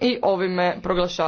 i ovime proglašam.